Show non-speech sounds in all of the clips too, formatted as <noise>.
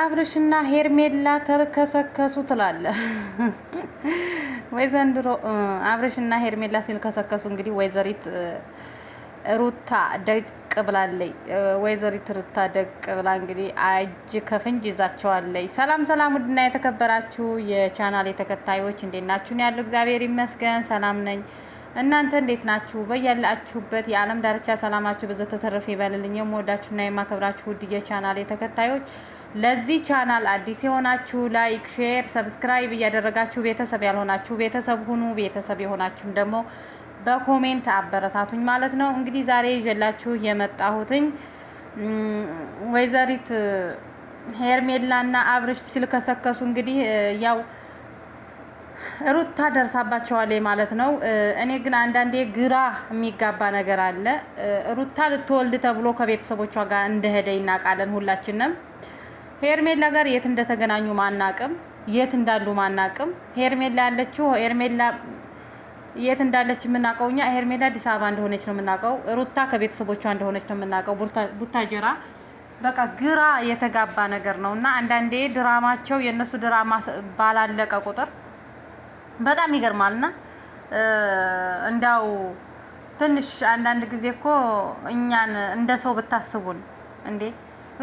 አብርሽና ሄርሜላ ተከሰከሱ ትላለ ወይ ዘንድሮ። አብርሽና ሄርሜላ ሲል ከሰከሱ እንግዲህ ወይዘሪት ሩታ ደቅ ብላለይ። ወይዘሪት ሩታ ደቅ ብላ እንግዲህ አጅ ከፍንጅ ይዛቸዋለይ። ሰላም ሰላም! ውድና የተከበራችሁ የቻናል የተከታዮች እንዴት ናችሁ? ያለው እግዚአብሔር ይመስገን ሰላም ነኝ። እናንተ እንዴት ናችሁ? በያላችሁበት የዓለም ዳርቻ ሰላማችሁ በዘተተረፈ ይበልልኝ። የምወዳችሁና የማከብራችሁ ውድ የቻናል የተከታዮች ለዚህ ቻናል አዲስ የሆናችሁ ላይክ፣ ሼር፣ ሰብስክራይብ እያደረጋችሁ ቤተሰብ ያልሆናችሁ ቤተሰብ ሁኑ። ቤተሰብ የሆናችሁም ደግሞ በኮሜንት አበረታቱኝ ማለት ነው። እንግዲህ ዛሬ ይዤላችሁ የመጣሁትኝ ወይዘሪት ሄርሜላና አብርሽ ሲልከሰከሱ እንግዲህ ያው ሩታ ደርሳባቸዋል ማለት ነው። እኔ ግን አንዳንዴ ግራ የሚጋባ ነገር አለ። ሩታ ልትወልድ ተብሎ ከቤተሰቦቿ ጋር እንደሄደ እናውቃለን ሁላችንም ሄርሜላ ጋር የት እንደተገናኙ ማናቅም፣ የት እንዳሉ ማናቅም። ሄርሜላ ያለችው ሄርሜላ የት እንዳለች የምናውቀው እኛ ሄርሜላ አዲስ አበባ እንደሆነች ነው የምናውቀው። ሩታ ከቤተሰቦቿ እንደሆነች ነው የምናውቀው። ቡታጀራ በቃ ግራ የተጋባ ነገር ነው እና አንዳንዴ ድራማቸው የእነሱ ድራማ ባላለቀ ቁጥር በጣም ና እንዳው ትንሽ አንዳንድ ጊዜ እኮ እኛን እንደ ሰው ብታስቡን እንዴ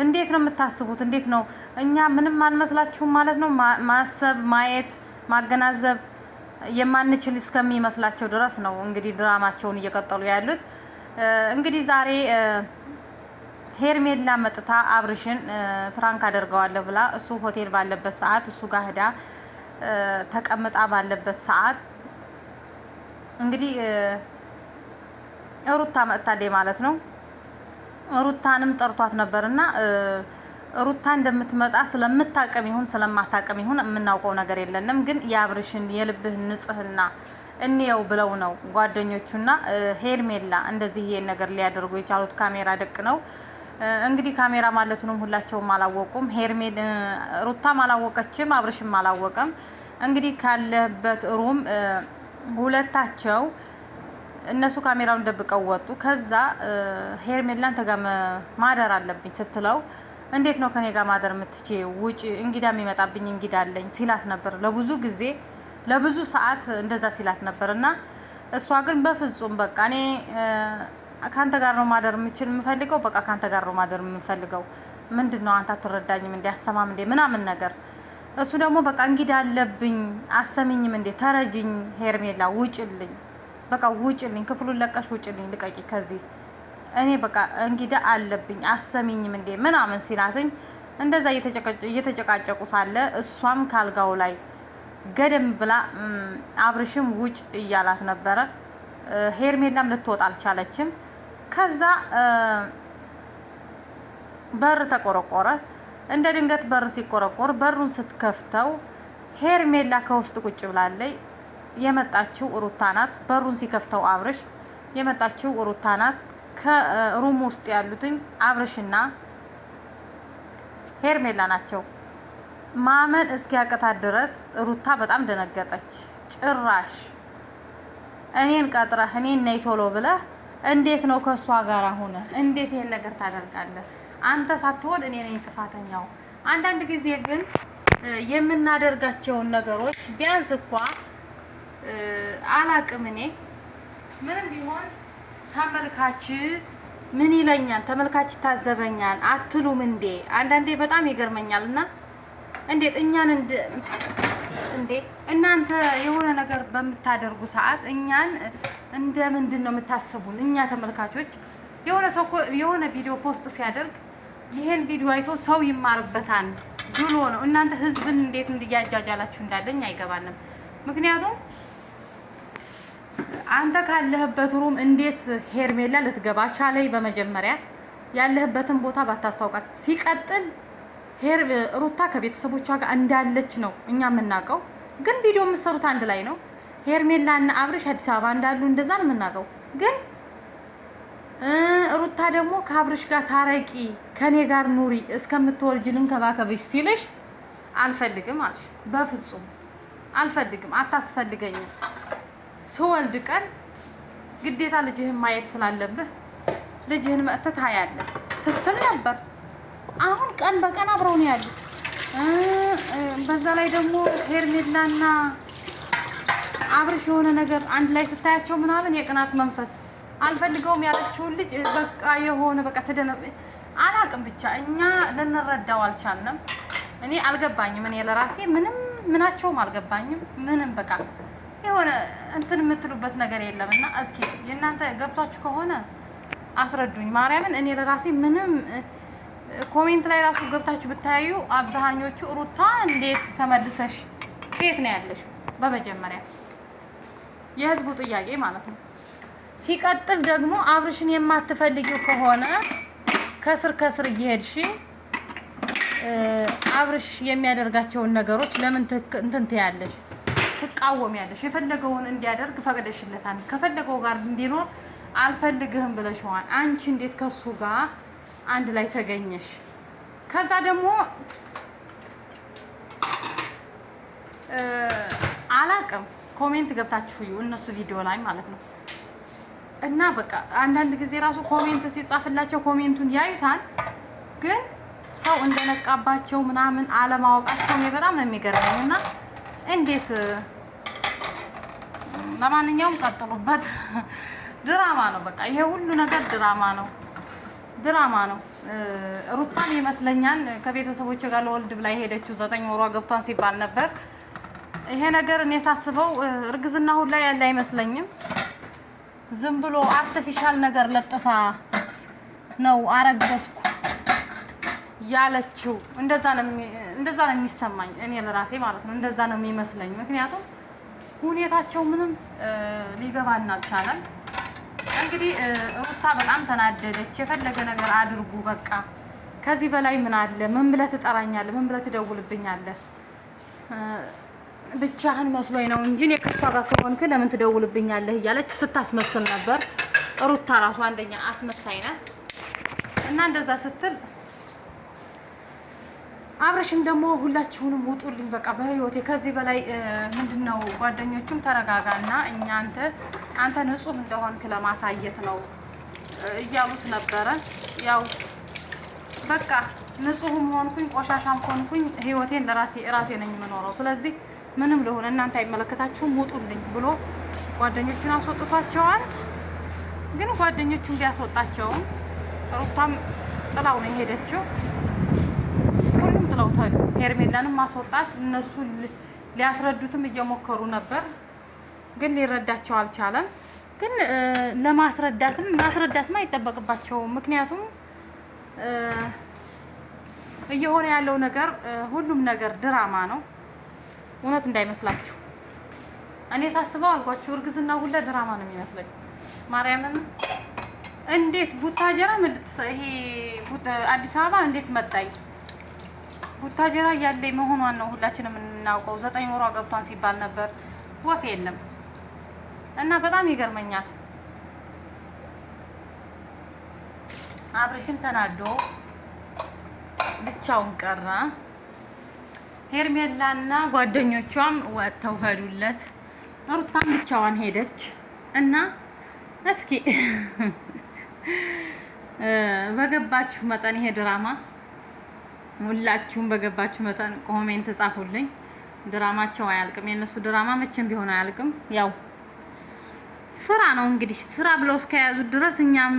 እንዴት ነው የምታስቡት? እንዴት ነው እኛ ምንም አንመስላችሁም ማለት ነው? ማሰብ፣ ማየት፣ ማገናዘብ የማንችል እስከሚመስላቸው ድረስ ነው እንግዲህ ድራማቸውን እየቀጠሉ ያሉት። እንግዲህ ዛሬ ሄርሜላ መጥታ አብርሽን ፕራንክ አደርገዋለሁ ብላ እሱ ሆቴል ባለበት ሰዓት እሱ ጋር ሂዳ ተቀምጣ ባለበት ሰዓት እንግዲህ ሩታ መጥታለች ማለት ነው። ሩታንም ጠርቷት ነበርና ሩታ እንደምትመጣ ስለምታቀም ይሁን ስለማታቀም ይሁን የምናውቀው ነገር የለንም። ግን የአብርሽን የልብህ ንጽህና እንየው ብለው ነው ጓደኞቹና ሄርሜላ እንደዚህ ይሄን ነገር ሊያደርጉ የቻሉት ካሜራ ደቅ ነው እንግዲህ ካሜራ ማለቱንም ሁላቸውም አላወቁም። ሄርሜ ሩታም አላወቀችም፣ አብርሽም አላወቀም። እንግዲህ ካለበት ሩም ሁለታቸው እነሱ ካሜራውን ደብቀው ወጡ። ከዛ ሄርሜላን ተጋመ ማደር አለብኝ ስትለው እንዴት ነው ከኔ ጋር ማደር የምትችይው? ውጭ እንግዳ የሚመጣብኝ እንግዳ አለኝ ሲላት ነበር። ለብዙ ጊዜ ለብዙ ሰዓት እንደዛ ሲላት ነበር እና እሷ ግን በፍጹም በቃ እኔ ከአንተ ጋር ነው ማደር የምችል የምፈልገው፣ በቃ ከአንተ ጋር ነው ማደር የምፈልገው። ምንድን ነው አንተ አትረዳኝም እንዴ? አሰማም እንዴ ምናምን ነገር እሱ ደግሞ በቃ እንግዳ አለብኝ አሰሚኝም እንዴ? ተረጅኝ ሄርሜላ ውጭልኝ በቃ ውጭልኝ፣ ክፍሉን ለቀሽ ውጭልኝ፣ ልቀቂ ከዚህ እኔ በቃ እንግዳ አለብኝ አሰሚኝም እንዴ ምናምን ሲላትኝ እንደዛ እየተጨቃጨቁ ሳለ እሷም ካልጋው ላይ ገደም ብላ አብርሽም ውጭ እያላት ነበረ። ሄርሜላም ልትወጣ አልቻለችም። ከዛ በር ተቆረቆረ። እንደ ድንገት በር ሲቆረቆር በሩን ስትከፍተው ሄርሜላ ከውስጥ ቁጭ ብላለይ። የመጣችው ሩታ ናት። በሩን ሲከፍተው አብርሽ የመጣችው ሩታ ናት። ከሩም ውስጥ ያሉትኝ አብርሽና ሄርሜላ ናቸው። ማመን እስኪያቅታት ድረስ ሩታ በጣም ደነገጠች። ጭራሽ እኔን ቀጥረህ እኔን ነይ ቶሎ ብለህ እንዴት ነው ከእሷ ጋር ሆነ እንዴት ይሄን ነገር ታደርጋለህ? አንተ ሳትሆን እኔ ነኝ ጥፋተኛው። አንዳንድ ጊዜ ግን የምናደርጋቸውን ነገሮች ቢያንስ እንኳ አላቅም። እኔ ምንም ቢሆን ተመልካች ምን ይለኛል፣ ተመልካች ይታዘበኛል አትሉም እንዴ? አንዳንዴ በጣም ይገርመኛል። እና እንዴት እኛን እንዴ እናንተ የሆነ ነገር በምታደርጉ ሰዓት እኛን እንደ ምንድን ነው የምታስቡን? እኛ ተመልካቾች የሆነ ቪዲዮ ፖስት ሲያደርግ ይሄን ቪዲዮ አይቶ ሰው ይማርበታል ብሎ ነው። እናንተ ህዝብን እንዴት እንድያጃጃላችሁ እንዳለኝ አይገባንም። ምክንያቱም አንተ ካለህበት ሩም እንዴት ሄርሜላ ልትገባ ቻለይ? በመጀመሪያ ያለህበትን ቦታ ባታስታውቃት። ሲቀጥል ሄር ሩታ ከቤተሰቦቿ ጋር እንዳለች ነው እኛ የምናውቀው፣ ግን ቪዲዮ የምትሰሩት አንድ ላይ ነው። ሄርሜላ አብርሽ አዲስ አበባ እንዳሉ እንደዛ ነው የምናውቀው። ግን ሩታ ደግሞ ከአብርሽ ጋር ታረቂ፣ ከኔ ጋር ኑሪ፣ እስከምትወልጅ ልንከባከብሽ ሲልሽ አልፈልግም አልሽ። በፍጹም አልፈልግም፣ አታስፈልገኝም። ስወልድ ቀን ግዴታ ልጅህን ማየት ስላለብህ ልጅህን መጥተህ ታያለህ ስትል ነበር። አሁን ቀን በቀን አብረው ነው ያሉት። በዛ ላይ ደግሞ ሄርሜላና አብርሽ የሆነ ነገር አንድ ላይ ስታያቸው ምናምን የቅናት መንፈስ አልፈልገውም ያለችውን ልጅ በቃ የሆነ በቃ ተደነ አላቅም ብቻ እኛ ልንረዳው አልቻልንም። እኔ አልገባኝም። እኔ ለራሴ ምንም ምናቸውም አልገባኝም። ምንም በቃ የሆነ እንትን የምትሉበት ነገር የለም እና እስኪ የእናንተ ገብቷችሁ ከሆነ አስረዱኝ ማርያምን። እኔ ለራሴ ምንም ኮሜንት ላይ ራሱ ገብታችሁ ብታዩ አብዛኞቹ ሩታ እንዴት ተመልሰሽ ቤት ነው ያለሽ? በመጀመሪያ የህዝቡ ጥያቄ ማለት ነው። ሲቀጥል ደግሞ አብርሽን የማትፈልጊው ከሆነ ከስር ከስር እየሄድሽ አብርሽ የሚያደርጋቸውን ነገሮች ለምን እንትን ትያለሽ ትቃወሚያለሽ? የፈለገውን እንዲያደርግ ፈቅደሽለታል። ከፈለገው ጋር እንዲኖር አልፈልግህም ብለሽዋል። አንቺ እንዴት ከሱ ጋር አንድ ላይ ተገኘሽ? ከዛ ደግሞ አላቅም ኮሜንት ገብታችሁ እዩ፣ እነሱ ቪዲዮ ላይ ማለት ነው። እና በቃ አንዳንድ ጊዜ ራሱ ኮሜንት ሲጻፍላቸው ኮሜንቱን ያዩታል ግን ሰው እንደነቃባቸው ምናምን አለማወቃቸው እኔ በጣም ነው የሚገርመኝ። እና እንዴት ለማንኛውም ቀጥሉበት። ድራማ ነው በቃ ይሄ ሁሉ ነገር ድራማ ነው፣ ድራማ ነው። ሩታን ይመስለኛል ከቤተሰቦች ጋር ለወልድ ብላ የሄደችው ዘጠኝ ወሯ ገብቷን ሲባል ነበር። ይሄ ነገር እኔ ሳስበው እርግዝና ላይ ያለ አይመስለኝም። ዝም ብሎ አርቲፊሻል ነገር ለጥፋ ነው አረገዝኩ ያለችው እንደዛ ነው የሚሰማኝ እኔ ለራሴ ማለት ነው። እንደዛ ነው የሚመስለኝ። ምክንያቱም ሁኔታቸው ምንም ሊገባን አልቻለም። እንግዲህ ሩታ በጣም ተናደደች። የፈለገ ነገር አድርጉ በቃ ከዚህ በላይ ምን አለ? ምን ብለህ ትጠራኛለህ? ምን ብለህ ትደውልብኛለህ? ብቻህን መስሎኝ ነው እንጂ እኔ ከእሷ ጋር ከሆንክ ለምን ትደውልብኛለህ? እያለች ስታስመስል ነበር ሩታ። ራሱ አንደኛ አስመሳይ ነ እና እንደዛ ስትል አብረሽም ደግሞ ሁላችሁንም ውጡልኝ፣ በቃ በህይወቴ ከዚህ በላይ ምንድን ነው። ጓደኞቹም ተረጋጋና እኛ አንተ አንተ ንጹህ እንደሆንክ ለማሳየት ነው እያሉት ነበረ። ያው በቃ ንጹህም ሆንኩኝ ቆሻሻም ሆንኩኝ ህይወቴን ለራሴ ራሴ ነኝ የምኖረው። ስለዚህ ምንም ልሆን እናንተ አይመለከታችሁም፣ ውጡልኝ ብሎ ጓደኞቹን አስወጥቷቸዋል። ግን ጓደኞቹን ቢያስወጣቸውም ሩታም ጥላው ነው የሄደችው። ጥለውት ሄርሜላንም ማስወጣት እነሱ ሊያስረዱትም እየሞከሩ ነበር፣ ግን ሊረዳቸው አልቻለም። ግን ለማስረዳትም ማስረዳትም አይጠበቅባቸውም። ምክንያቱም እየሆነ ያለው ነገር ሁሉም ነገር ድራማ ነው፣ እውነት እንዳይመስላችሁ። እኔ ሳስበው አልኳችሁ እርግዝና ሁላ ድራማ ነው የሚመስለኝ። ማርያምን እንዴት ቡታጀራ ይሄ አዲስ አበባ እንዴት መጣይ ቡታጀራ እያለ መሆኗን ነው ሁላችንም የምናውቀው። ዘጠኝ ወሯ ገብቷን ሲባል ነበር፣ ወፍ የለም እና በጣም ይገርመኛል። አብርሽም ተናዶ ብቻውን ቀረ። ሄርሜላና ጓደኞቿም ወጥተው ሄዱለት። ሩታም ብቻዋን ሄደች እና እስኪ <laughs> በገባችሁ መጠን ይሄ ድራማ ሁላችሁም በገባችሁ መጠን ኮሜንት ጻፉልኝ። ድራማቸው አያልቅም፣ የእነሱ ድራማ መቼም ቢሆን አያልቅም። ያው ስራ ነው እንግዲህ ስራ ብለው እስከያዙት ድረስ እኛም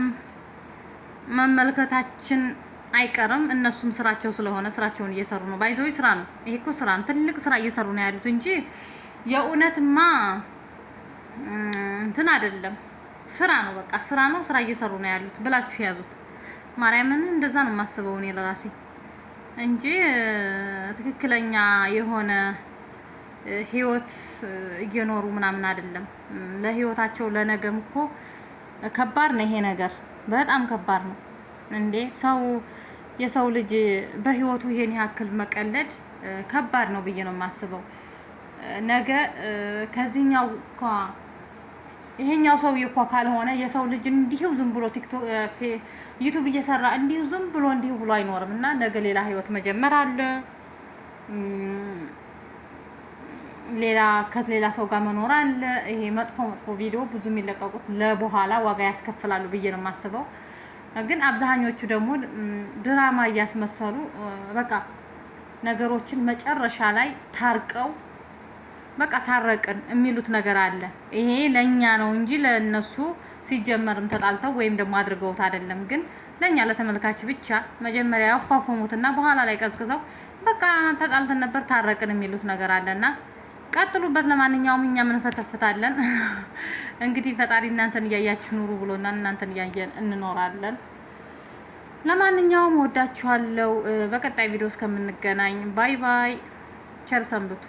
መመልከታችን አይቀርም። እነሱም ስራቸው ስለሆነ ስራቸውን እየሰሩ ነው። ባይዘው ስራ ነው ይሄ እኮ ስራ ነው። ትልቅ ስራ እየሰሩ ነው ያሉት እንጂ የእውነትማ እንትን አይደለም። ስራ ነው በቃ ስራ ነው። ስራ እየሰሩ ነው ያሉት ብላችሁ ያዙት። ማርያምን እንደዛ ነው የማስበው እኔ ለራሴ እንጂ ትክክለኛ የሆነ ህይወት እየኖሩ ምናምን አይደለም። ለህይወታቸው ለነገም እኮ ከባድ ነው ይሄ ነገር፣ በጣም ከባድ ነው እንዴ! ሰው የሰው ልጅ በህይወቱ ይሄን ያክል መቀለድ ከባድ ነው ብዬ ነው የማስበው። ነገ ከዚህኛው ይሄኛው ሰውዬ እኮ ካልሆነ የሰው ልጅ እንዲሁ ዝም ብሎ ቲክቶክ ዩቱብ እየሰራ እንዲሁ ዝም ብሎ እንዲሁ ብሎ አይኖርም። እና ነገ ሌላ ህይወት መጀመር አለ፣ ሌላ ከሌላ ሰው ጋር መኖር አለ። ይሄ መጥፎ መጥፎ ቪዲዮ ብዙ የሚለቀቁት ለበኋላ ዋጋ ያስከፍላሉ ብዬ ነው የማስበው። ግን አብዛኞቹ ደግሞ ድራማ እያስመሰሉ በቃ ነገሮችን መጨረሻ ላይ ታርቀው በቃ ታረቅን የሚሉት ነገር አለ። ይሄ ለእኛ ነው እንጂ ለእነሱ ሲጀመርም ተጣልተው ወይም ደግሞ አድርገውት አይደለም። ግን ለእኛ ለተመልካች ብቻ መጀመሪያ ያፏፎሙትና በኋላ ላይ ቀዝቅዘው በቃ ተጣልተን ነበር ታረቅን የሚሉት ነገር አለና ቀጥሉበት። ለማንኛውም እኛ ምንፈተፍታለን። <laughs> እንግዲህ ፈጣሪ እናንተን እያያችሁ ኑሩ ብሎና እናንተን እያየን እንኖራለን። ለማንኛውም ወዳችኋለሁ። በቀጣይ ቪዲዮ እስከምንገናኝ ባይ ባይ። ቸር ሰንብቱ።